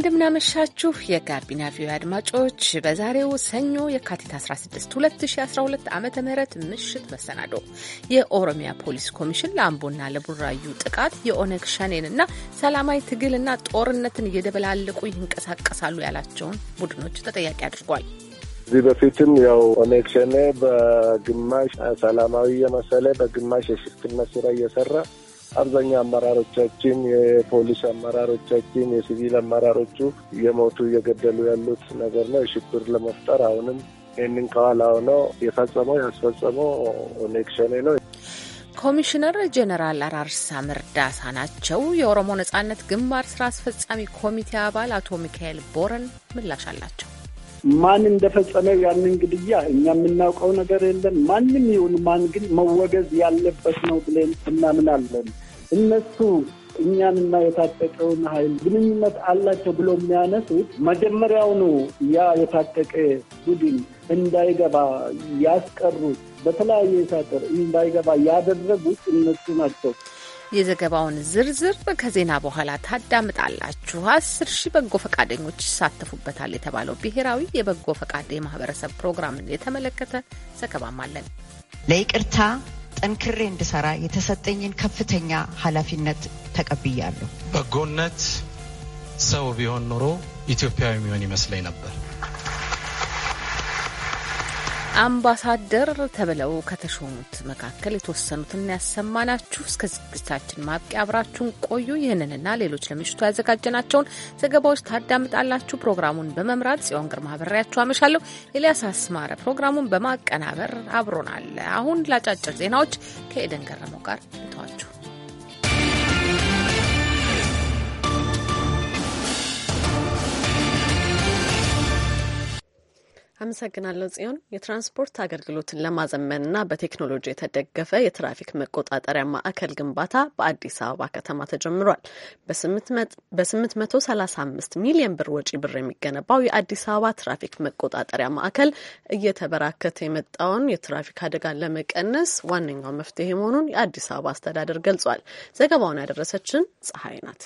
እንደምናመሻችሁ የጋቢና ቪዮ አድማጮች፣ በዛሬው ሰኞ የካቲት 16 2012 ዓ ም ምሽት መሰናዶ የኦሮሚያ ፖሊስ ኮሚሽን ለአምቦና ለቡራዩ ጥቃት የኦነግ ሸኔንና ሰላማዊ ትግልና ጦርነትን እየደበላለቁ ይንቀሳቀሳሉ ያላቸውን ቡድኖች ተጠያቂ አድርጓል። እዚህ በፊትም ያው ኦነግ ሸኔ በግማሽ ሰላማዊ የመሰለ በግማሽ የሽፍትነት ስራ እየሰራ አብዛኛው አመራሮቻችን፣ የፖሊስ አመራሮቻችን፣ የሲቪል አመራሮቹ እየሞቱ እየገደሉ ያሉት ነገር ነው። የሽብር ለመፍጠር አሁንም ይህንን ከኋላ ሆነው የፈጸመው ያስፈጸመው ኦነግ ሸኔ ነው። ኮሚሽነር ጀኔራል አራርሳ መርዳሳ ናቸው። የኦሮሞ ነጻነት ግንባር ስራ አስፈጻሚ ኮሚቴ አባል አቶ ሚካኤል ቦረን ምላሽ አላቸው። ማን እንደፈጸመው ያንን ግድያ እኛ የምናውቀው ነገር የለም። ማንም ይሁን ማን ግን መወገዝ ያለበት ነው ብለን እናምናለን። እነሱ እኛንና የታጠቀውን ኃይል ግንኙነት አላቸው ብሎ የሚያነሱት መጀመሪያውኑ ያ የታጠቀ ቡድን እንዳይገባ ያስቀሩት፣ በተለያየ ሳጥር እንዳይገባ ያደረጉት እነሱ ናቸው። የዘገባውን ዝርዝር ከዜና በኋላ ታዳምጣላችሁ። አስር ሺህ በጎ ፈቃደኞች ይሳተፉበታል የተባለው ብሔራዊ የበጎ ፈቃድ የማህበረሰብ ፕሮግራምን የተመለከተ ዘገባም አለን። ለይቅርታ ጠንክሬ እንድሰራ የተሰጠኝን ከፍተኛ ኃላፊነት ተቀብያለሁ። በጎነት ሰው ቢሆን ኖሮ ኢትዮጵያዊ የሚሆን ይመስለኝ ነበር። አምባሳደር ተብለው ከተሾሙት መካከል የተወሰኑትን ያሰማናችሁ። እስከ ዝግጅታችን ማብቂያ አብራችሁን ቆዩ። ይህንንና ሌሎች ለምሽቱ ያዘጋጀናቸውን ዘገባዎች ታዳምጣላችሁ። ፕሮግራሙን በመምራት ጽዮን ግርማ አብሬያችሁ አመሻለሁ። ኤልያስ አስማረ ፕሮግራሙን በማቀናበር አብሮናል። አሁን ላጫጭር ዜናዎች ከኤደን ገረመው ጋር እንተዋችሁ። አመሰግናለሁ ጽዮን። የትራንስፖርት አገልግሎትን ለማዘመንና በቴክኖሎጂ የተደገፈ የትራፊክ መቆጣጠሪያ ማዕከል ግንባታ በአዲስ አበባ ከተማ ተጀምሯል። በ835 ሚሊዮን ብር ወጪ ብር የሚገነባው የአዲስ አበባ ትራፊክ መቆጣጠሪያ ማዕከል እየተበራከተ የመጣውን የትራፊክ አደጋን ለመቀነስ ዋነኛው መፍትሄ መሆኑን የአዲስ አበባ አስተዳደር ገልጿል። ዘገባውን ያደረሰችን ፀሐይ ናት።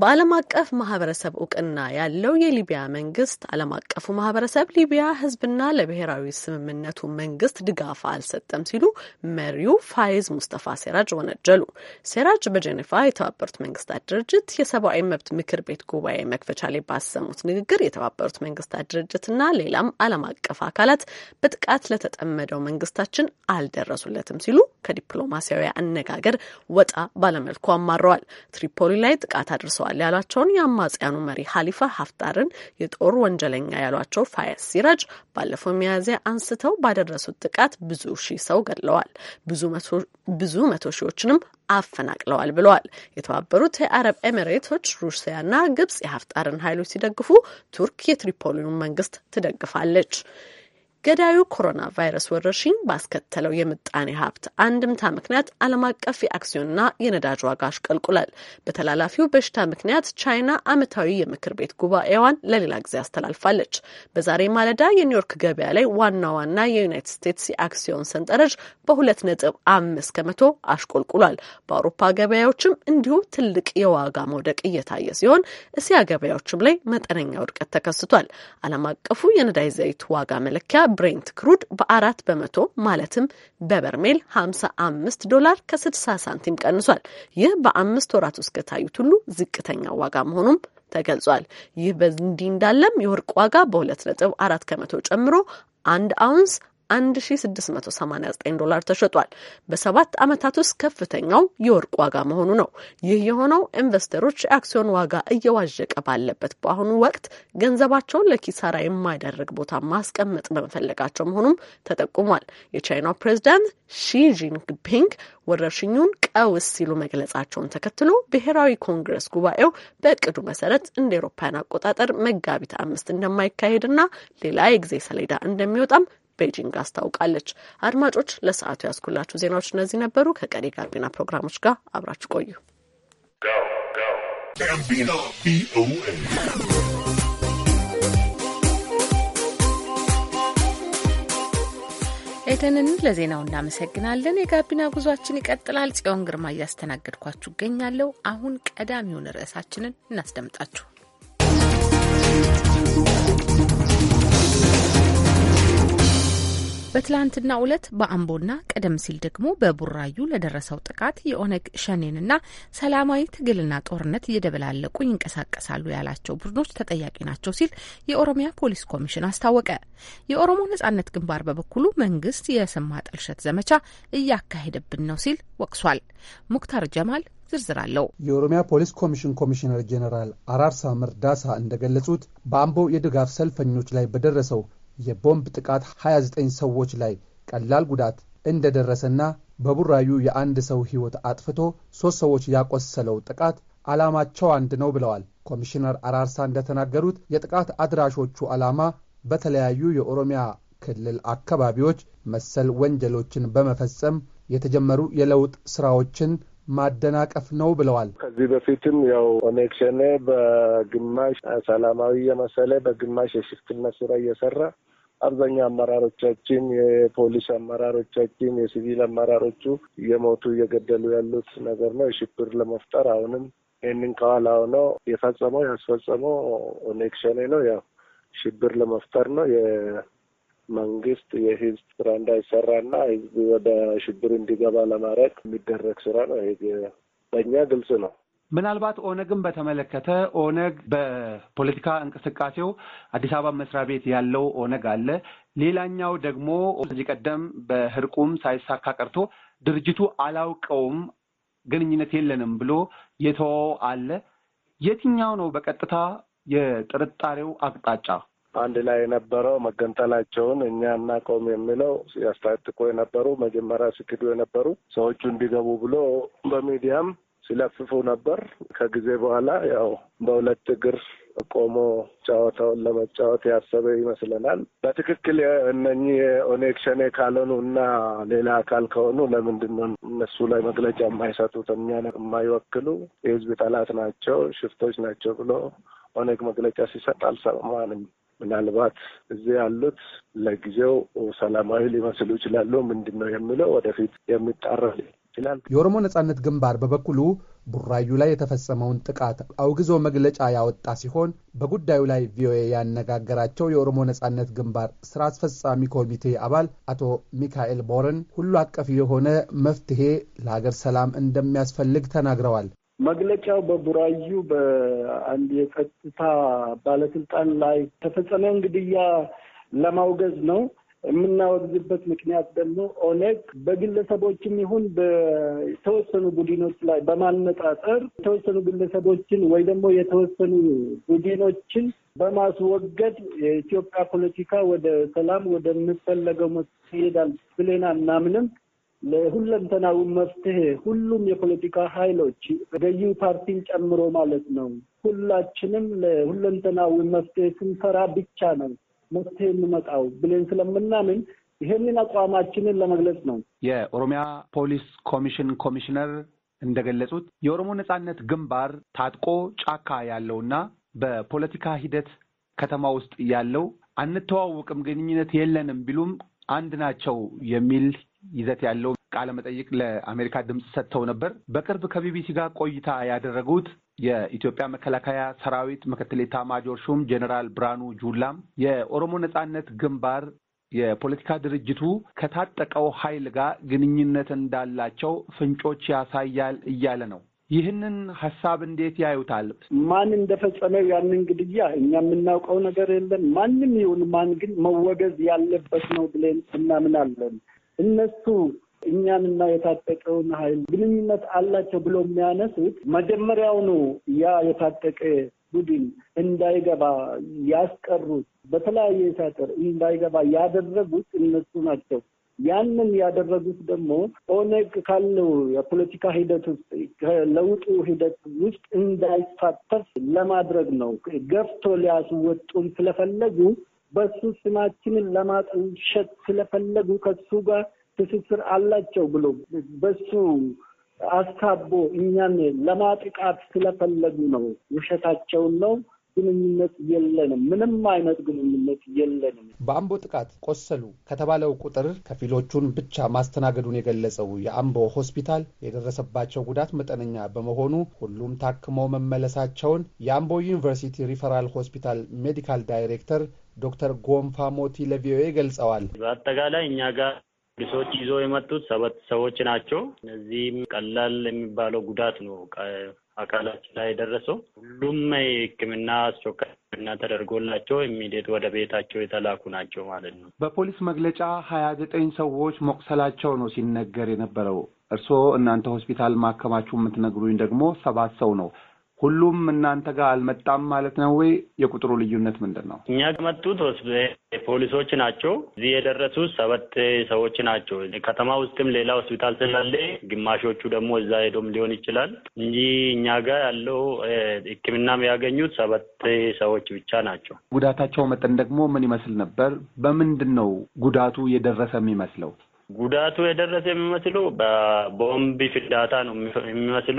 በዓለም አቀፍ ማህበረሰብ እውቅና ያለው የሊቢያ መንግስት ዓለም አቀፉ ማህበረሰብ ሊቢያ ህዝብና ለብሔራዊ ስምምነቱ መንግስት ድጋፍ አልሰጠም ሲሉ መሪው ፋይዝ ሙስጠፋ ሴራጅ ወነጀሉ። ሴራጅ በጄኔቫ የተባበሩት መንግስታት ድርጅት የሰብአዊ መብት ምክር ቤት ጉባኤ መክፈቻ ላይ ባሰሙት ንግግር የተባበሩት መንግስታት ድርጅትና ሌላም ዓለም አቀፍ አካላት በጥቃት ለተጠመደው መንግስታችን አልደረሱለትም ሲሉ ከዲፕሎማሲያዊ አነጋገር ወጣ ባለመልኩ አማረዋል። ትሪፖሊ ላይ ጥቃት አድርሰ ደርሰዋል ያሏቸውን የአማጽያኑ መሪ ሀሊፋ ሀፍጣርን የጦር ወንጀለኛ ያሏቸው ፋያስ ሲራጅ ባለፈው ሚያዝያ አንስተው ባደረሱት ጥቃት ብዙ ሺህ ሰው ገድለዋል፣ ብዙ መቶ ሺዎችንም አፈናቅለዋል ብለዋል። የተባበሩት የአረብ ኤሚሬቶች፣ ሩሲያና ግብጽ የሀፍጣርን ኃይሎች ሲደግፉ ቱርክ የትሪፖሊውን መንግስት ትደግፋለች። ገዳዩ ኮሮና ቫይረስ ወረርሽኝ ባስከተለው የምጣኔ ሀብት አንድምታ ምክንያት ዓለም አቀፍ የአክሲዮንና የነዳጅ ዋጋ አሽቀልቁላል። በተላላፊው በሽታ ምክንያት ቻይና ዓመታዊ የምክር ቤት ጉባኤዋን ለሌላ ጊዜ አስተላልፋለች። በዛሬ ማለዳ የኒውዮርክ ገበያ ላይ ዋና ዋና የዩናይትድ ስቴትስ የአክሲዮን ሰንጠረዥ በሁለት ነጥብ አምስት ከመቶ አሽቆልቁሏል። በአውሮፓ ገበያዎችም እንዲሁ ትልቅ የዋጋ መውደቅ እየታየ ሲሆን እስያ ገበያዎችም ላይ መጠነኛ ውድቀት ተከስቷል። ዓለም አቀፉ የነዳጅ ዘይት ዋጋ መለኪያ ብሬንት ክሩድ በአራት በመቶ ማለትም በበርሜል 55 ዶላር ከ60 ሳንቲም ቀንሷል። ይህ በአምስት ወራት ውስጥ ከታዩት ሁሉ ዝቅተኛ ዋጋ መሆኑም ተገልጿል። ይህ በእንዲህ እንዳለም የወርቅ ዋጋ በሁለት ነጥብ 4 ከመቶ ጨምሮ አንድ አውንስ 1689 ዶላር ተሸጧል። በሰባት ዓመታት ውስጥ ከፍተኛው የወርቅ ዋጋ መሆኑ ነው። ይህ የሆነው ኢንቨስተሮች የአክሲዮን ዋጋ እየዋዠቀ ባለበት በአሁኑ ወቅት ገንዘባቸውን ለኪሳራ የማይደረግ ቦታ ማስቀመጥ በመፈለጋቸው መሆኑም ተጠቁሟል። የቻይናው ፕሬዚዳንት ሺ ጂንፒንግ ወረርሽኙን ቀውስ ሲሉ መግለጻቸውን ተከትሎ ብሔራዊ ኮንግረስ ጉባኤው በእቅዱ መሰረት እንደ ኤሮፓያን አቆጣጠር መጋቢት አምስት እንደማይካሄድና ሌላ የጊዜ ሰሌዳ እንደሚወጣም ቤጂንግ አስታውቃለች። አድማጮች ለሰዓቱ ያስኩላችሁ ዜናዎች እነዚህ ነበሩ። ከቀሪ ጋቢና ፕሮግራሞች ጋር አብራችሁ ቆዩ። ኤደንን ለዜናው እናመሰግናለን። የጋቢና ጉዟችን ይቀጥላል። ጽዮን ግርማ እያስተናገድኳችሁ እገኛለሁ። አሁን ቀዳሚውን ርዕሳችንን እናስደምጣችሁ። በትላንትና ዕለት በአምቦና ቀደም ሲል ደግሞ በቡራዩ ለደረሰው ጥቃት የኦነግ ሸኔንና ሰላማዊ ትግልና ጦርነት እየደበላለቁ ይንቀሳቀሳሉ ያላቸው ቡድኖች ተጠያቂ ናቸው ሲል የኦሮሚያ ፖሊስ ኮሚሽን አስታወቀ። የኦሮሞ ነጻነት ግንባር በበኩሉ መንግስት የስም ጥልሸት ዘመቻ እያካሄደብን ነው ሲል ወቅሷል። ሙክታር ጀማል ዝርዝር አለው። የኦሮሚያ ፖሊስ ኮሚሽን ኮሚሽነር ጄኔራል አራርሳ መርዳሳ እንደገለጹት በአምቦ የድጋፍ ሰልፈኞች ላይ በደረሰው የቦምብ ጥቃት 29 ሰዎች ላይ ቀላል ጉዳት እንደደረሰና በቡራዩ የአንድ ሰው ሕይወት አጥፍቶ ሦስት ሰዎች ያቆሰለው ጥቃት ዓላማቸው አንድ ነው ብለዋል። ኮሚሽነር አራርሳ እንደተናገሩት የጥቃት አድራሾቹ ዓላማ በተለያዩ የኦሮሚያ ክልል አካባቢዎች መሰል ወንጀሎችን በመፈጸም የተጀመሩ የለውጥ ስራዎችን ማደናቀፍ ነው ብለዋል። ከዚህ በፊትም ያው ኦነግ ሸኔ በግማሽ ሰላማዊ የመሰለ በግማሽ የሽፍትነት ስራ እየሰራ አብዛኛው አመራሮቻችን፣ የፖሊስ አመራሮቻችን፣ የሲቪል አመራሮቹ እየሞቱ እየገደሉ ያሉት ነገር ነው። የሽብር ለመፍጠር አሁንም ይህንን ከኋላ ሆነው የፈጸመው ያስፈጸመው ኦነግ ሸኔ ነው። ያው ሽብር ለመፍጠር ነው። የመንግስት የህዝብ ስራ እንዳይሰራና ህዝብ ወደ ሽብር እንዲገባ ለማድረግ የሚደረግ ስራ ነው። በእኛ ግልጽ ነው። ምናልባት ኦነግን በተመለከተ ኦነግ በፖለቲካ እንቅስቃሴው አዲስ አበባ መስሪያ ቤት ያለው ኦነግ አለ። ሌላኛው ደግሞ እዚህ ቀደም በህርቁም ሳይሳካ ቀርቶ ድርጅቱ አላውቀውም ግንኙነት የለንም ብሎ የተወ አለ። የትኛው ነው በቀጥታ የጥርጣሬው አቅጣጫ? አንድ ላይ የነበረው መገንጠላቸውን እኛ እናቀውም የሚለው ያስታጥቆ የነበሩ መጀመሪያ ሲክዱ የነበሩ ሰዎቹ እንዲገቡ ብሎ በሚዲያም ሲለፍፉ ነበር። ከጊዜ በኋላ ያው በሁለት እግር ቆሞ ጨዋታውን ለመጫወት ያሰበ ይመስለናል። በትክክል እነኚህ የኦኔግ ሸኔ ካልሆኑ እና ሌላ አካል ከሆኑ ለምንድን ነው እነሱ ላይ መግለጫ የማይሰጡት? እኛን የማይወክሉ የህዝብ ጠላት ናቸው፣ ሽፍቶች ናቸው ብሎ ኦኔግ መግለጫ ሲሰጥ አልሰማንም። ምናልባት እዚህ ያሉት ለጊዜው ሰላማዊ ሊመስሉ ይችላሉ። ምንድን ነው የሚለው ወደፊት የሚጣራ ይችላል። የኦሮሞ ነጻነት ግንባር በበኩሉ ቡራዩ ላይ የተፈጸመውን ጥቃት አውግዞ መግለጫ ያወጣ ሲሆን በጉዳዩ ላይ ቪኦኤ ያነጋገራቸው የኦሮሞ ነጻነት ግንባር ስራ አስፈጻሚ ኮሚቴ አባል አቶ ሚካኤል ቦረን ሁሉ አቀፍ የሆነ መፍትሄ ለሀገር ሰላም እንደሚያስፈልግ ተናግረዋል። መግለጫው በቡራዩ በአንድ የጸጥታ ባለስልጣን ላይ ተፈጸመ እንግድያ ለማውገዝ ነው። የምናወግዝበት ምክንያት ደግሞ ኦነግ በግለሰቦችም ይሁን በተወሰኑ ቡድኖች ላይ በማነጣጠር የተወሰኑ ግለሰቦችን ወይ ደግሞ የተወሰኑ ቡድኖችን በማስወገድ የኢትዮጵያ ፖለቲካ ወደ ሰላም መስ ይሄዳል ብለን አናምንም። ለሁለንተናዊ መፍትሄ ሁሉም የፖለቲካ ኃይሎች ገዢው ፓርቲን ጨምሮ ማለት ነው። ሁላችንም ለሁለንተናዊ መፍትሄ ስንሰራ ብቻ ነው መፍትሄ የምመጣው ብለን ስለምናምን ይሄንን አቋማችንን ለመግለጽ ነው። የኦሮሚያ ፖሊስ ኮሚሽን ኮሚሽነር እንደገለጹት የኦሮሞ ነጻነት ግንባር ታጥቆ ጫካ ያለውና በፖለቲካ ሂደት ከተማ ውስጥ ያለው አንተዋወቅም፣ ግንኙነት የለንም ቢሉም አንድ ናቸው የሚል ይዘት ያለው ቃለ መጠይቅ ለአሜሪካ ድምፅ ሰጥተው ነበር። በቅርብ ከቢቢሲ ጋር ቆይታ ያደረጉት የኢትዮጵያ መከላከያ ሰራዊት ምክትል ኤታማዦር ሹም ጀኔራል ብርሃኑ ጁላም የኦሮሞ ነጻነት ግንባር የፖለቲካ ድርጅቱ ከታጠቀው ኃይል ጋር ግንኙነት እንዳላቸው ፍንጮች ያሳያል እያለ ነው። ይህንን ሀሳብ እንዴት ያዩታል? ማን እንደፈጸመው ያንን ግድያ እኛ የምናውቀው ነገር የለም። ማንም ይሁን ማን ግን መወገዝ ያለበት ነው ብለን እናምናለን። እነሱ እኛንና የታጠቀውን ኃይል ግንኙነት አላቸው ብሎ የሚያነሱት መጀመሪያውኑ ያ የታጠቀ ቡድን እንዳይገባ ያስቀሩት በተለያየ ሳጥር እንዳይገባ ያደረጉት እነሱ ናቸው። ያንን ያደረጉት ደግሞ ኦነግ ካለው የፖለቲካ ሂደት ውስጥ ከለውጡ ሂደት ውስጥ እንዳይሳተፍ ለማድረግ ነው። ገፍቶ ሊያስወጡን ስለፈለጉ በሱ ስማችንን ለማጠልሸት ስለፈለጉ ከሱ ጋር ትስስር አላቸው ብሎ በሱ አስታቦ እኛን ለማጥቃት ስለፈለጉ ነው። ውሸታቸውን ነው። ግንኙነት የለንም። ምንም አይነት ግንኙነት የለንም። በአምቦ ጥቃት ቆሰሉ ከተባለው ቁጥር ከፊሎቹን ብቻ ማስተናገዱን የገለጸው የአምቦ ሆስፒታል የደረሰባቸው ጉዳት መጠነኛ በመሆኑ ሁሉም ታክሞ መመለሳቸውን የአምቦ ዩኒቨርሲቲ ሪፈራል ሆስፒታል ሜዲካል ዳይሬክተር ዶክተር ጎንፋ ሞቲ ለቪኦኤ ገልጸዋል። በአጠቃላይ እኛ ጋር ፖሊሶች ይዞ የመጡት ሰባት ሰዎች ናቸው። እነዚህም ቀላል የሚባለው ጉዳት ነው አካላችን ላይ የደረሰው። ሁሉም የሕክምና አስቸኳይ ሕክምና ተደርጎላቸው የሚሄድ ወደ ቤታቸው የተላኩ ናቸው ማለት ነው። በፖሊስ መግለጫ ሀያ ዘጠኝ ሰዎች መቁሰላቸው ነው ሲነገር የነበረው። እርስዎ እናንተ ሆስፒታል ማከማችሁ የምትነግሩኝ ደግሞ ሰባት ሰው ነው። ሁሉም እናንተ ጋር አልመጣም ማለት ነው ወይ? የቁጥሩ ልዩነት ምንድን ነው? እኛ ከመጡት ፖሊሶች ናቸው። እዚህ የደረሱት ሰባት ሰዎች ናቸው። ከተማ ውስጥም ሌላ ሆስፒታል ስላለ ግማሾቹ ደግሞ እዛ ሄዶም ሊሆን ይችላል እንጂ እኛ ጋር ያለው ሕክምናም ያገኙት ሰባት ሰዎች ብቻ ናቸው። ጉዳታቸው መጠን ደግሞ ምን ይመስል ነበር? በምንድን ነው ጉዳቱ የደረሰ የሚመስለው? ጉዳቱ የደረሰ የሚመስሉ በቦምብ ፍንዳታ ነው የሚመስሉ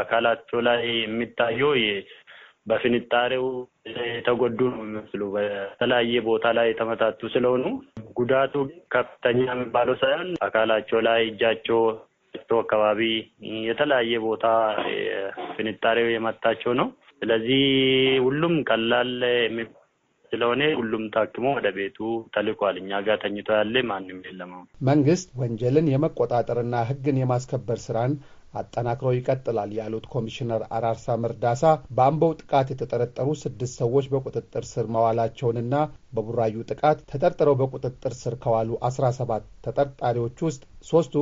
አካላቸው ላይ የሚታየው በፍንጣሬው የተጎዱ ነው የሚመስሉ በተለያየ ቦታ ላይ የተመታቱ ስለሆኑ ጉዳቱ ከፍተኛ የሚባለው ሳይሆን አካላቸው ላይ እጃቸው አካባቢ የተለያየ ቦታ ፍንጣሬው የመታቸው ነው። ስለዚህ ሁሉም ቀላል ስለሆነ ሁሉም ታክሞ ወደ ቤቱ ተልኳል። እኛ ጋር ተኝቶ ያለ ማንም የለም። መንግስት ወንጀልን የመቆጣጠርና ህግን የማስከበር ስራን አጠናክሮ ይቀጥላል ያሉት ኮሚሽነር አራርሳ መርዳሳ በአምቦው ጥቃት የተጠረጠሩ ስድስት ሰዎች በቁጥጥር ስር መዋላቸውንና በቡራዩ ጥቃት ተጠርጥረው በቁጥጥር ስር ከዋሉ አስራ ሰባት ተጠርጣሪዎች ውስጥ ሶስቱ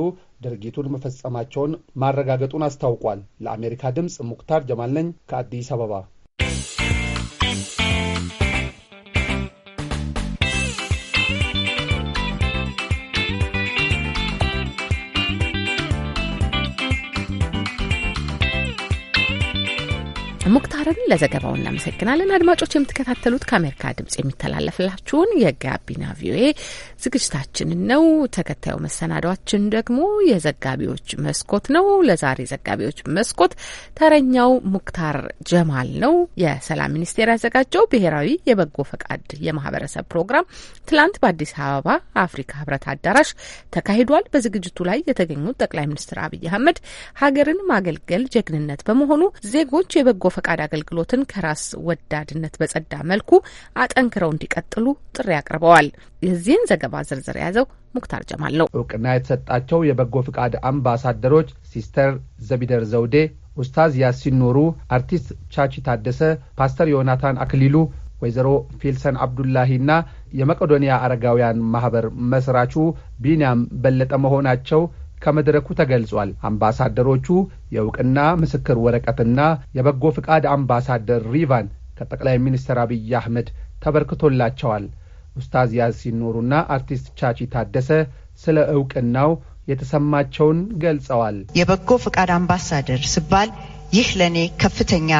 ድርጊቱን መፈጸማቸውን ማረጋገጡን አስታውቋል። ለአሜሪካ ድምፅ ሙክታር ጀማል ነኝ ከአዲስ አበባ። ሙክታርን ለዘገባው እናመሰግናለን። አድማጮች የምትከታተሉት ከአሜሪካ ድምጽ የሚተላለፍላችሁን የጋቢና ቪኦኤ ዝግጅታችንን ነው። ተከታዩ መሰናዷችን ደግሞ የዘጋቢዎች መስኮት ነው። ለዛሬ ዘጋቢዎች መስኮት ተረኛው ሙክታር ጀማል ነው። የሰላም ሚኒስቴር ያዘጋጀው ብሔራዊ የበጎ ፈቃድ የማህበረሰብ ፕሮግራም ትላንት በአዲስ አበባ አፍሪካ ህብረት አዳራሽ ተካሂዷል። በዝግጅቱ ላይ የተገኙት ጠቅላይ ሚኒስትር አብይ አህመድ ሀገርን ማገልገል ጀግንነት በመሆኑ ዜጎች የበጎ ፈቃድ አገልግሎትን ከራስ ወዳድነት በጸዳ መልኩ አጠንክረው እንዲቀጥሉ ጥሪ አቅርበዋል። የዚህን ዘገባ ዝርዝር የያዘው ሙክታር ጀማል ነው። እውቅና የተሰጣቸው የበጎ ፈቃድ አምባሳደሮች ሲስተር ዘቢደር ዘውዴ፣ ኡስታዝ ያሲን ኑሩ፣ አርቲስት ቻቺ ታደሰ፣ ፓስተር ዮናታን አክሊሉ ወይዘሮ ፊልሰን እና የመቄዶንያ አረጋውያን ማህበር መስራቹ ቢንያም በለጠ መሆናቸው ከመድረኩ ተገልጿል። አምባሳደሮቹ የእውቅና ምስክር ወረቀትና የበጎ ፍቃድ አምባሳደር ሪቫን ከጠቅላይ ሚኒስትር አብይ አህመድ ተበርክቶላቸዋል። ኡስታዝ ያሲን ኑሩና አርቲስት ቻቺ ታደሰ ስለ እውቅናው የተሰማቸውን ገልጸዋል። የበጎ ፍቃድ አምባሳደር ስባል ይህ ለእኔ ከፍተኛ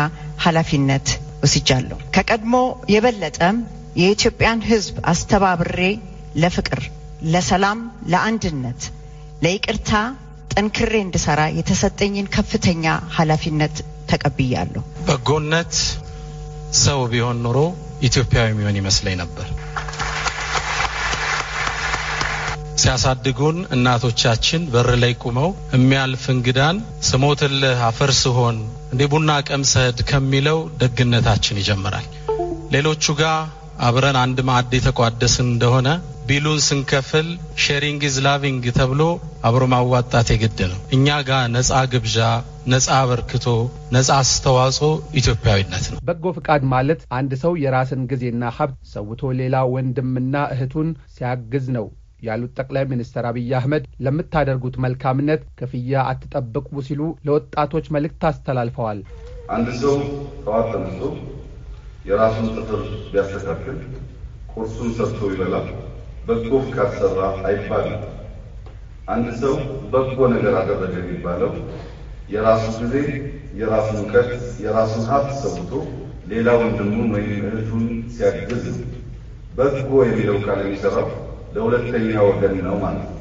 ኃላፊነት ወስጃለሁ። ከቀድሞ የበለጠም የኢትዮጵያን ሕዝብ አስተባብሬ ለፍቅር፣ ለሰላም፣ ለአንድነት ለይቅርታ ጠንክሬ እንድሰራ የተሰጠኝን ከፍተኛ ኃላፊነት ተቀብያለሁ። በጎነት ሰው ቢሆን ኖሮ ኢትዮጵያዊ የሚሆን ይመስለኝ ነበር። ሲያሳድጉን እናቶቻችን በር ላይ ቁመው የሚያልፍ እንግዳን ስሞትልህ አፈር ስሆን እንዲህ ቡና ቀምሰድ ከሚለው ደግነታችን ይጀምራል። ሌሎቹ ጋር አብረን አንድ ማዕድ የተቋደስን እንደሆነ ቢሉን ስንከፍል ሼሪንግ ኢዝ ላቪንግ ተብሎ አብሮ ማዋጣት የግድ ነው። እኛ ጋር ነፃ ግብዣ፣ ነፃ አበርክቶ፣ ነፃ አስተዋጽኦ ኢትዮጵያዊነት ነው። በጎ ፍቃድ ማለት አንድ ሰው የራስን ጊዜና ሀብት ሰውቶ ሌላ ወንድምና እህቱን ሲያግዝ ነው ያሉት ጠቅላይ ሚኒስትር አብይ አህመድ ለምታደርጉት መልካምነት ክፍያ አትጠብቁ ሲሉ ለወጣቶች መልእክት አስተላልፈዋል። አንድ ሰው ጠዋት ተነስቶ የራሱን ጥፍር ቢያስተካክል ቁርሱን ሰርቶ ይበላል። በጎ ሰራ አይባልም። አንድ ሰው በጎ ነገር አደረገ የሚባለው የራሱን ጊዜ፣ የራሱን እውቀት፣ የራሱን ሀብት ሰውቶ ሌላ ወንድሙን ወይም እህቱን ሲያግዝ ነው። በጎ የሚለው ቃል የሚሰራው ለሁለተኛ ወገን ነው ማለት ነው።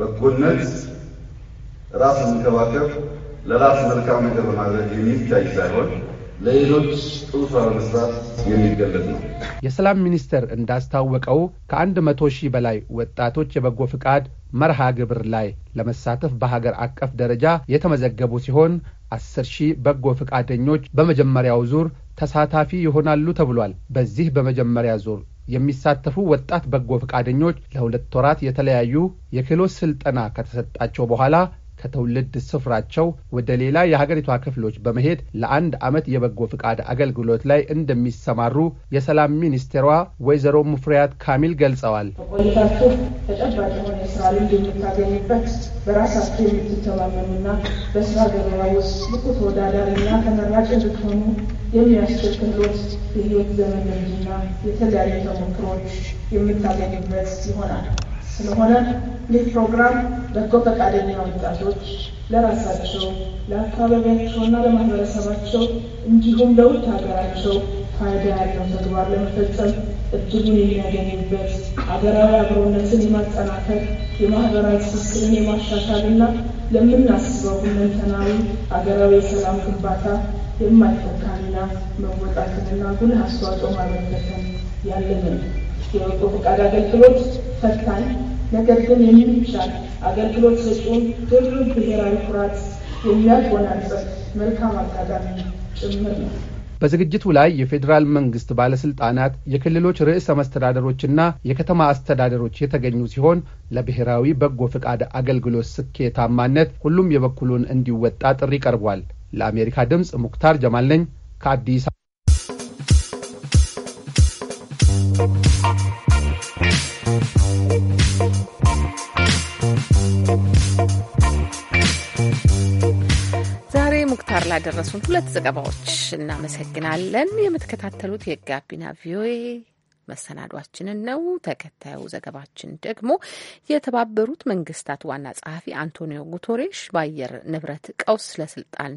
በጎነት ራስ መንከባከብ፣ ለራስ መልካም ነገር በማድረግ የሚታይ ሳይሆን ለሌሎች ጥሩ ስራ የሚገለጥ ነው። የሰላም ሚኒስቴር እንዳስታወቀው ከአንድ መቶ ሺህ በላይ ወጣቶች የበጎ ፍቃድ መርሃ ግብር ላይ ለመሳተፍ በሀገር አቀፍ ደረጃ የተመዘገቡ ሲሆን አስር ሺህ በጎ ፍቃደኞች በመጀመሪያው ዙር ተሳታፊ ይሆናሉ ተብሏል። በዚህ በመጀመሪያ ዙር የሚሳተፉ ወጣት በጎ ፈቃደኞች ለሁለት ወራት የተለያዩ የክህሎት ስልጠና ከተሰጣቸው በኋላ ከትውልድ ስፍራቸው ወደ ሌላ የሀገሪቷ ክፍሎች በመሄድ ለአንድ ዓመት የበጎ ፍቃድ አገልግሎት ላይ እንደሚሰማሩ የሰላም ሚኒስቴሯ ወይዘሮ ሙፍሪያት ካሚል ገልጸዋል። ቆይታችሁ ተጨባጭ የሆነ የስራ ልምድ የምታገኙበት በራሳችሁ የምትተማመኑና በስራ ገበያ ውስጥ ብቁ ተወዳዳሪና ተመራጭ እንድትሆኑ የሚያስችል ክህሎት የህይወት ዘመን ልምድና የተለያዩ ተሞክሮች የምታገኙበት ይሆናል። ስለሆነ ይህ ፕሮግራም በጎ ፈቃደኛ ወጣቶች ለራሳቸው ለአካባቢያቸውና ለማህበረሰባቸው እንዲሁም ለውጭ ሀገራቸው ፋይዳ ያለው ተግባር ለመፈጸም እድሉን የሚያገኙበት ሀገራዊ አብሮነትን የማጠናከር የማህበራዊ ትስስርን የማሻሻልና ለምናስበው ሁለንተናዊ ሀገራዊ የሰላም ግንባታ የማይተካ ሚና መወጣትንና ጉልህ አስተዋጽኦ ማበርከትን ያለንን የበጎ ፈቃድ አገልግሎት ፈታኝ ነገር ግን የሚቻል አገልግሎት ሰጪውን ሁሉም ብሔራዊ ኩራት የሚያጎናጽፍ መልካም አጋጣሚ ጭምር ነው። በዝግጅቱ ላይ የፌዴራል መንግስት ባለስልጣናት፣ የክልሎች ርዕሰ መስተዳደሮችና የከተማ አስተዳደሮች የተገኙ ሲሆን ለብሔራዊ በጎ ፍቃድ አገልግሎት ስኬታማነት ሁሉም የበኩሉን እንዲወጣ ጥሪ ቀርቧል። ለአሜሪካ ድምፅ ሙክታር ጀማል ነኝ ከአዲስ ካር ላደረሱን ሁለት ዘገባዎች እናመሰግናለን። የምትከታተሉት የጋቢና ቪኦኤ መሰናዷችንን ነው። ተከታዩ ዘገባችን ደግሞ የተባበሩት መንግስታት ዋና ጸሐፊ አንቶኒዮ ጉተሬሽ በአየር ንብረት ቀውስ ለስልጣን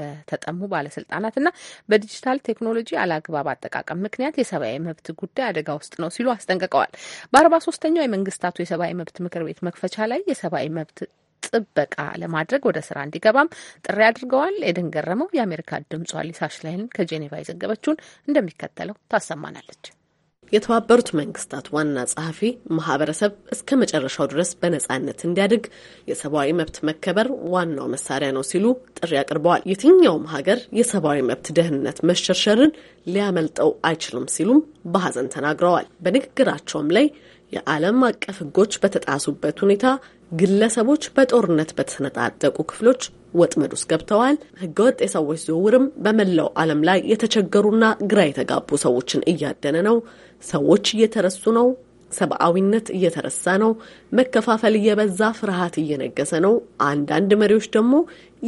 በተጠሙ ባለስልጣናትና በዲጂታል ቴክኖሎጂ አላግባብ አጠቃቀም ምክንያት የሰብአዊ መብት ጉዳይ አደጋ ውስጥ ነው ሲሉ አስጠንቅቀዋል። በአርባ ሶስተኛው የመንግስታቱ የሰብአዊ መብት ምክር ቤት መክፈቻ ላይ የሰብአዊ መብት ጥበቃ ለማድረግ ወደ ስራ እንዲገባም ጥሪ አድርገዋል። ኤደን ገረመው የአሜሪካ ድምጿ ሊሳሽ ላይን ከጄኔቫ የዘገበችውን እንደሚከተለው ታሰማናለች። የተባበሩት መንግስታት ዋና ጸሐፊ ማህበረሰብ እስከ መጨረሻው ድረስ በነጻነት እንዲያድግ የሰብአዊ መብት መከበር ዋናው መሳሪያ ነው ሲሉ ጥሪ አቅርበዋል። የትኛውም ሀገር የሰብአዊ መብት ደህንነት መሸርሸርን ሊያመልጠው አይችልም ሲሉም በሀዘን ተናግረዋል። በንግግራቸውም ላይ የዓለም አቀፍ ሕጎች በተጣሱበት ሁኔታ ግለሰቦች በጦርነት በተሰነጣጠቁ ክፍሎች ወጥመድ ውስጥ ገብተዋል። ሕገወጥ የሰዎች ዝውውርም በመላው ዓለም ላይ የተቸገሩና ግራ የተጋቡ ሰዎችን እያደነ ነው። ሰዎች እየተረሱ ነው። ሰብአዊነት እየተረሳ ነው። መከፋፈል እየበዛ፣ ፍርሃት እየነገሰ ነው። አንዳንድ መሪዎች ደግሞ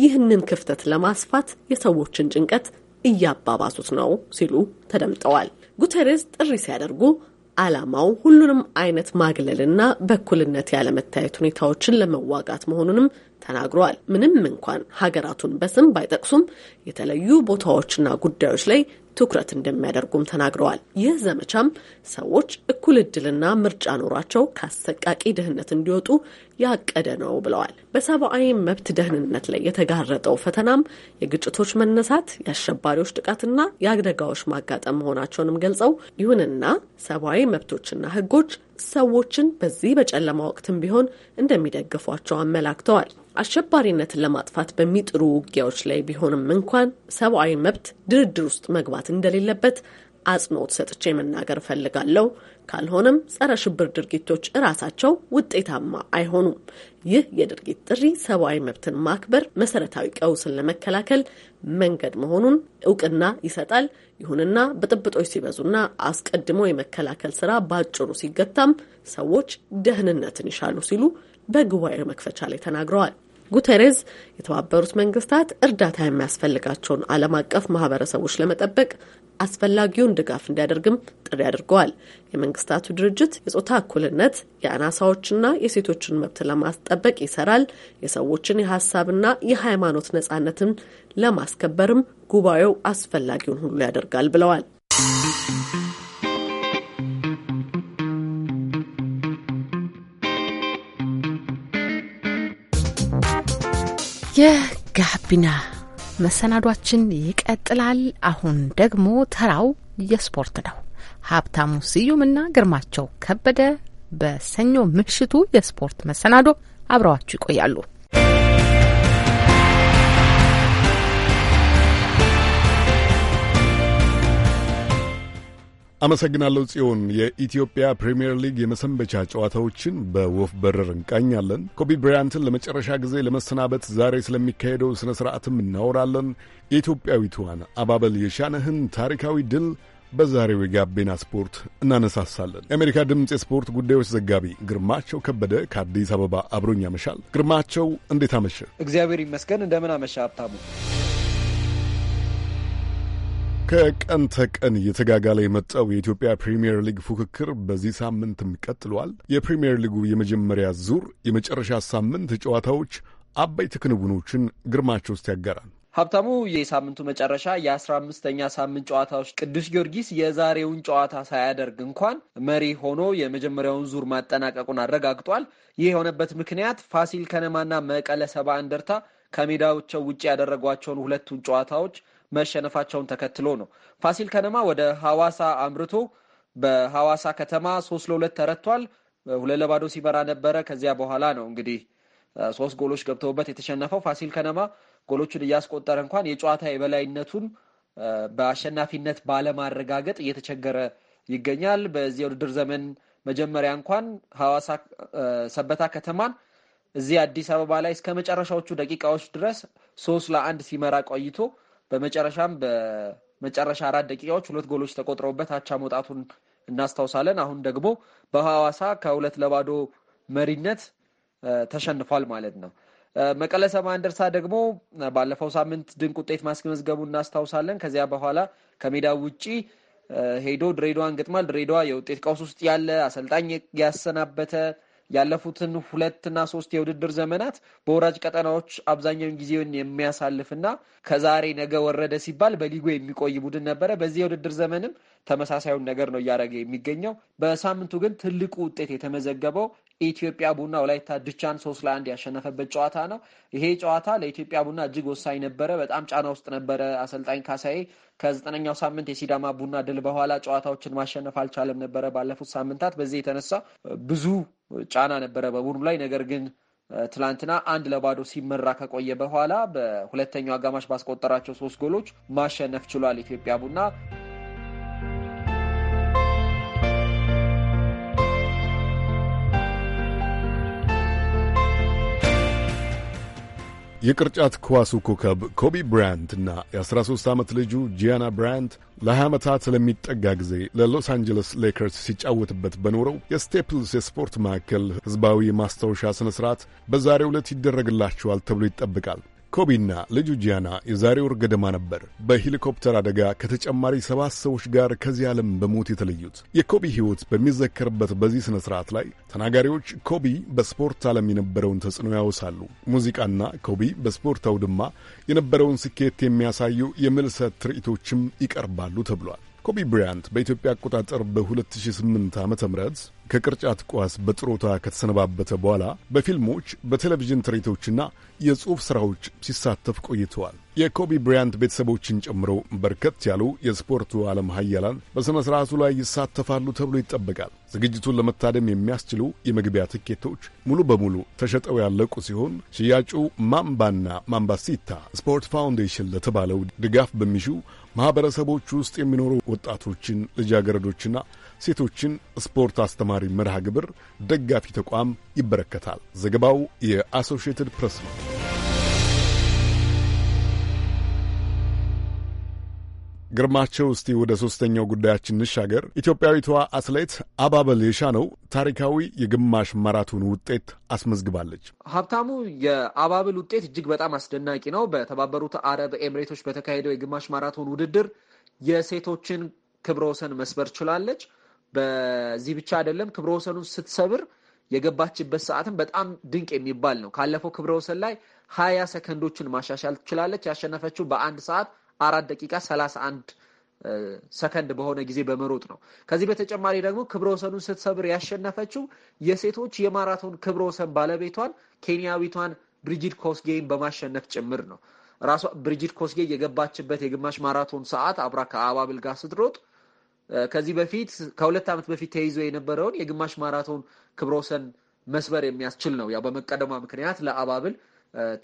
ይህንን ክፍተት ለማስፋት የሰዎችን ጭንቀት እያባባሱት ነው ሲሉ ተደምጠዋል። ጉተሬዝ ጥሪ ሲያደርጉ ዓላማው ሁሉንም አይነት ማግለልና በእኩልነት ያለመታየት ሁኔታዎችን ለመዋጋት መሆኑንም ተናግረዋል። ምንም እንኳን ሀገራቱን በስም ባይጠቅሱም የተለዩ ቦታዎችና ጉዳዮች ላይ ትኩረት እንደሚያደርጉም ተናግረዋል። ይህ ዘመቻም ሰዎች እኩል እድልና ምርጫ ኖሯቸው ከአሰቃቂ ድህነት እንዲወጡ ያቀደ ነው ብለዋል። በሰብአዊ መብት ደህንነት ላይ የተጋረጠው ፈተናም የግጭቶች መነሳት፣ የአሸባሪዎች ጥቃትና የአደጋዎች ማጋጠም መሆናቸውንም ገልጸው ይሁንና ሰብአዊ መብቶችና ሕጎች ሰዎችን በዚህ በጨለማ ወቅትም ቢሆን እንደሚደግፏቸው አመላክተዋል። አሸባሪነትን ለማጥፋት በሚጥሩ ውጊያዎች ላይ ቢሆንም እንኳን ሰብአዊ መብት ድርድር ውስጥ መግባት እንደሌለበት አጽንኦት ሰጥቼ መናገር እፈልጋለሁ። ካልሆነም ጸረ ሽብር ድርጊቶች እራሳቸው ውጤታማ አይሆኑም። ይህ የድርጊት ጥሪ ሰብአዊ መብትን ማክበር መሰረታዊ ቀውስን ለመከላከል መንገድ መሆኑን እውቅና ይሰጣል። ይሁንና ብጥብጦች ሲበዙና አስቀድሞ የመከላከል ስራ በአጭሩ ሲገታም ሰዎች ደህንነትን ይሻሉ ሲሉ በጉባኤው መክፈቻ ላይ ተናግረዋል። ጉተሬዝ የተባበሩት መንግስታት እርዳታ የሚያስፈልጋቸውን ዓለም አቀፍ ማህበረሰቦች ለመጠበቅ አስፈላጊውን ድጋፍ እንዲያደርግም ጥሪ አድርገዋል። የመንግስታቱ ድርጅት የጾታ እኩልነት፣ የአናሳዎችና የሴቶችን መብት ለማስጠበቅ ይሰራል። የሰዎችን የሀሳብና የሃይማኖት ነጻነትን ለማስከበርም ጉባኤው አስፈላጊውን ሁሉ ያደርጋል ብለዋል። የጋቢና መሰናዷችን ይቀጥላል። አሁን ደግሞ ተራው የስፖርት ነው። ሀብታሙ ስዩምና ግርማቸው ከበደ በሰኞ ምሽቱ የስፖርት መሰናዶ አብረዋችሁ ይቆያሉ። አመሰግናለሁ ጽዮን። የኢትዮጵያ ፕሪምየር ሊግ የመሰንበቻ ጨዋታዎችን በወፍ በረር እንቃኛለን። ኮቢ ብራያንትን ለመጨረሻ ጊዜ ለመሰናበት ዛሬ ስለሚካሄደው ሥነ ሥርዓትም እናወራለን። የኢትዮጵያዊቷን አባበል የሻነህን ታሪካዊ ድል በዛሬው የጋቢና ስፖርት እናነሳሳለን። የአሜሪካ ድምፅ የስፖርት ጉዳዮች ዘጋቢ ግርማቸው ከበደ ከአዲስ አበባ አብሮኝ ያመሻል። ግርማቸው፣ እንዴት አመሸ? እግዚአብሔር ይመስገን። እንደምን አመሻ ሀብታሙ። ከቀን ተቀን እየተጋጋለ የመጣው የኢትዮጵያ ፕሪምየር ሊግ ፉክክር በዚህ ሳምንትም ቀጥሏል። የፕሪምየር ሊጉ የመጀመሪያ ዙር የመጨረሻ ሳምንት ጨዋታዎች አበይት ክንውኖችን ግርማቸው ውስጥ ያጋራል። ሀብታሙ፣ የሳምንቱ መጨረሻ የአስራ አምስተኛ ሳምንት ጨዋታዎች ቅዱስ ጊዮርጊስ የዛሬውን ጨዋታ ሳያደርግ እንኳን መሪ ሆኖ የመጀመሪያውን ዙር ማጠናቀቁን አረጋግጧል። ይህ የሆነበት ምክንያት ፋሲል ከነማና መቀለ ሰባ እንደርታ ከሜዳዎቸው ውጭ ያደረጓቸውን ሁለቱን ጨዋታዎች መሸነፋቸውን ተከትሎ ነው። ፋሲል ከነማ ወደ ሐዋሳ አምርቶ በሐዋሳ ከተማ ሶስት ለሁለት ተረቷል። ሁለት ለባዶ ሲመራ ነበረ። ከዚያ በኋላ ነው እንግዲህ ሶስት ጎሎች ገብተውበት የተሸነፈው ፋሲል ከነማ ጎሎቹን እያስቆጠረ እንኳን የጨዋታ የበላይነቱን በአሸናፊነት ባለማረጋገጥ እየተቸገረ ይገኛል። በዚህ የውድድር ዘመን መጀመሪያ እንኳን ሐዋሳ ሰበታ ከተማን እዚህ አዲስ አበባ ላይ እስከ መጨረሻዎቹ ደቂቃዎች ድረስ ሶስት ለአንድ ሲመራ ቆይቶ በመጨረሻም በመጨረሻ አራት ደቂቃዎች ሁለት ጎሎች ተቆጥረውበት አቻ መውጣቱን እናስታውሳለን። አሁን ደግሞ በሐዋሳ ከሁለት ለባዶ መሪነት ተሸንፏል ማለት ነው። መቀለ ሰባ ደግሞ ባለፈው ሳምንት ድንቅ ውጤት ማስመዝገቡ እናስታውሳለን። ከዚያ በኋላ ከሜዳ ውጪ ሄዶ ድሬዳዋን ገጥማል። ድሬዳዋ የውጤት ቀውስ ውስጥ ያለ አሰልጣኝ ያሰናበተ ያለፉትን ሁለትና ሶስት የውድድር ዘመናት በወራጅ ቀጠናዎች አብዛኛውን ጊዜውን የሚያሳልፍና ከዛሬ ነገ ወረደ ሲባል በሊጉ የሚቆይ ቡድን ነበረ። በዚህ የውድድር ዘመንም ተመሳሳዩን ነገር ነው እያደረገ የሚገኘው። በሳምንቱ ግን ትልቁ ውጤት የተመዘገበው ኢትዮጵያ ቡና ወላይታ ድቻን ሶስት ለአንድ ያሸነፈበት ጨዋታ ነው። ይሄ ጨዋታ ለኢትዮጵያ ቡና እጅግ ወሳኝ ነበረ። በጣም ጫና ውስጥ ነበረ አሰልጣኝ ካሳዬ። ከዘጠነኛው ሳምንት የሲዳማ ቡና ድል በኋላ ጨዋታዎችን ማሸነፍ አልቻለም ነበረ ባለፉት ሳምንታት። በዚህ የተነሳ ብዙ ጫና ነበረ በቡድኑ ላይ ነገር ግን ትላንትና አንድ ለባዶ ሲመራ ከቆየ በኋላ በሁለተኛው አጋማሽ ባስቆጠራቸው ሶስት ጎሎች ማሸነፍ ችሏል ኢትዮጵያ ቡና። የቅርጫት ኳሱ ኮከብ ኮቢ ብራያንት እና የ13 ዓመት ልጁ ጂያና ብራያንት ለ20 ዓመታት ለሚጠጋ ጊዜ ለሎስ አንጀለስ ሌከርስ ሲጫወትበት በኖረው የስቴፕልስ የስፖርት ማዕከል ሕዝባዊ የማስታወሻ ሥነ ሥርዓት በዛሬ ዕለት ይደረግላቸዋል ተብሎ ይጠብቃል። ኮቢና ልጁ ጂያና የዛሬ ወር ገደማ ነበር በሄሊኮፕተር አደጋ ከተጨማሪ ሰባት ሰዎች ጋር ከዚህ ዓለም በሞት የተለዩት። የኮቢ ሕይወት በሚዘከርበት በዚህ ሥነ ሥርዓት ላይ ተናጋሪዎች ኮቢ በስፖርት ዓለም የነበረውን ተጽዕኖ ያወሳሉ። ሙዚቃና ኮቢ በስፖርት አውድማ የነበረውን ስኬት የሚያሳዩ የምልሰት ትርኢቶችም ይቀርባሉ ተብሏል። ኮቢ ብራያንት በኢትዮጵያ አቆጣጠር በ2008 ዓ ም ከቅርጫት ኳስ በጥሮታ ከተሰነባበተ በኋላ በፊልሞች በቴሌቪዥን ትርኢቶችና የጽሑፍ ሥራዎች ሲሳተፍ ቆይተዋል። የኮቢ ብራያንት ቤተሰቦችን ጨምሮ በርከት ያሉ የስፖርቱ ዓለም ሀያላን በሥነ ሥርዓቱ ላይ ይሳተፋሉ ተብሎ ይጠበቃል። ዝግጅቱን ለመታደም የሚያስችሉ የመግቢያ ትኬቶች ሙሉ በሙሉ ተሸጠው ያለቁ ሲሆን ሽያጩ ማምባና ማምባሲታ ስፖርት ፋውንዴሽን ለተባለው ድጋፍ በሚሹ ማኅበረሰቦች ውስጥ የሚኖሩ ወጣቶችን፣ ልጃገረዶችና ሴቶችን ስፖርት አስተማሪ መርሃ ግብር ደጋፊ ተቋም ይበረከታል። ዘገባው የአሶሺየትድ ፕሬስ ነው። ግርማቸው፣ እስቲ ወደ ሶስተኛው ጉዳያችን እንሻገር። ኢትዮጵያዊቷ አትሌት አባበል የሻነው ታሪካዊ የግማሽ ማራቶን ውጤት አስመዝግባለች። ሀብታሙ፣ የአባበል ውጤት እጅግ በጣም አስደናቂ ነው። በተባበሩት አረብ ኤምሬቶች በተካሄደው የግማሽ ማራቶን ውድድር የሴቶችን ክብረ ወሰን መስበር ችላለች። በዚህ ብቻ አይደለም፣ ክብረ ወሰኑን ስትሰብር የገባችበት ሰዓትም በጣም ድንቅ የሚባል ነው። ካለፈው ክብረ ወሰን ላይ ሀያ ሰከንዶችን ማሻሻል ትችላለች። ያሸነፈችው በአንድ ሰዓት አራት ደቂቃ ሰላሳ አንድ ሰከንድ በሆነ ጊዜ በመሮጥ ነው። ከዚህ በተጨማሪ ደግሞ ክብረ ወሰኑን ስትሰብር ያሸነፈችው የሴቶች የማራቶን ክብረ ወሰን ባለቤቷን ኬንያዊቷን ብሪጅድ ኮስጌይን በማሸነፍ ጭምር ነው። ራሷ ብሪጅድ ኮስጌ የገባችበት የግማሽ ማራቶን ሰዓት አብራ ከአባብል ጋር ስትሮጥ ከዚህ በፊት ከሁለት ዓመት በፊት ተይዞ የነበረውን የግማሽ ማራቶን ክብረ ወሰን መስበር የሚያስችል ነው። ያው በመቀደሟ ምክንያት ለአባብል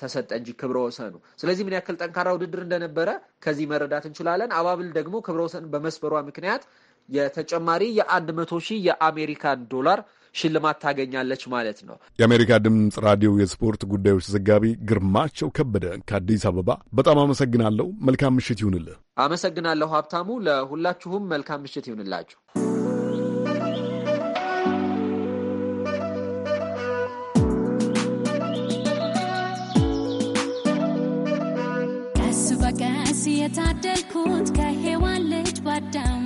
ተሰጠ እንጂ ክብረ ወሰኑ። ስለዚህ ምን ያክል ጠንካራ ውድድር እንደነበረ ከዚህ መረዳት እንችላለን። አባብል ደግሞ ክብረ ወሰን በመስበሯ ምክንያት የተጨማሪ የአንድ መቶ ሺህ የአሜሪካን ዶላር ሽልማት ታገኛለች ማለት ነው። የአሜሪካ ድምፅ ራዲዮ የስፖርት ጉዳዮች ዘጋቢ ግርማቸው ከበደ ከአዲስ አበባ። በጣም አመሰግናለሁ። መልካም ምሽት ይሁንልህ። አመሰግናለሁ ሀብታሙ። ለሁላችሁም መልካም ምሽት ይሁንላችሁ። ከሞት ከሔዋን ባዳም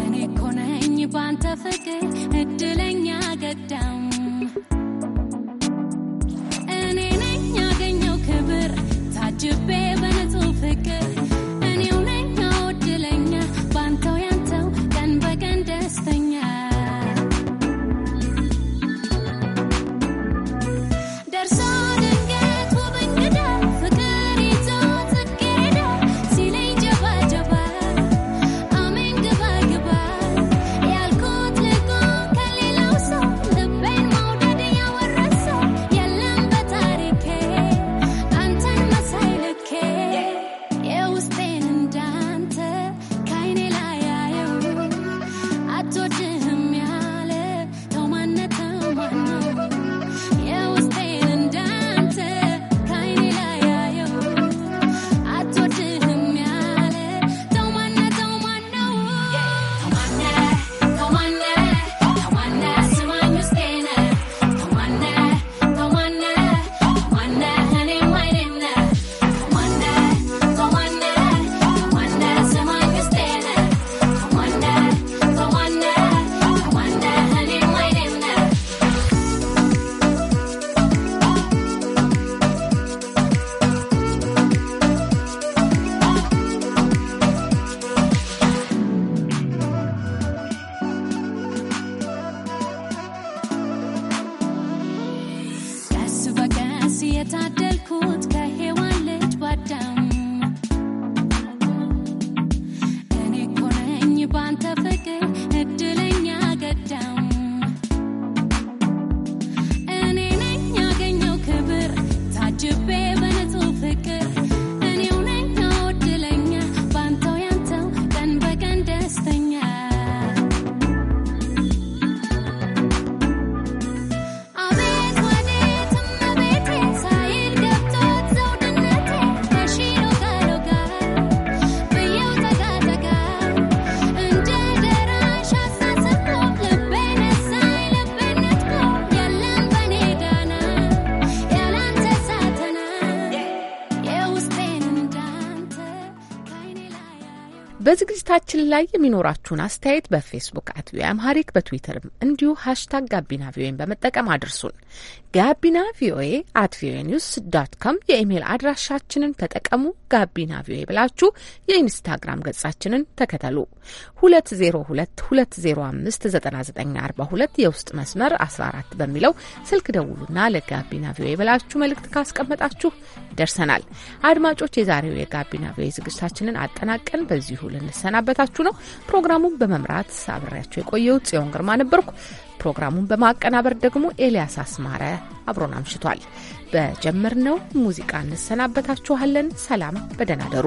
እኔ እኮ ነኝ ባንተ ፍቅር እድለኛ ገዳም እኔ ነኝ ያገኘው ክብር ታጅቤ በንጹህ ፍቅር በዝግጅታችን ላይ የሚኖራችሁን አስተያየት በፌስቡክ አት ቪኦኤ አምሃሪክ በትዊተርም እንዲሁ ሀሽታግ ጋቢና ቪኦኤን በመጠቀም አድርሱን። ጋቢና ቪኦኤ አት ቪኦኤ ኒውስ ዳት ኮም የኢሜይል አድራሻችንን ተጠቀሙ። ጋቢና ቪኦኤ ብላችሁ የኢንስታግራም ገጻችንን ተከተሉ። 2022059942 የውስጥ መስመር 14 በሚለው ስልክ ደውሉና ለጋቢና ቪኦኤ ብላችሁ መልእክት ካስቀመጣችሁ ደርሰናል። አድማጮች፣ የዛሬው የጋቢና ቪኦኤ ዝግጅታችንን አጠናቀን በዚሁ ልንሰናበታችሁ ነው። ፕሮግራሙን በመምራት አብሬያቸው የቆየው ጽዮን ግርማ ነበርኩ። ፕሮግራሙን በማቀናበር ደግሞ ኤልያስ አስማረ አብሮን አምሽቷል። በጀመርነው ሙዚቃ እንሰናበታችኋለን። ሰላም፣ በደህና ደሩ።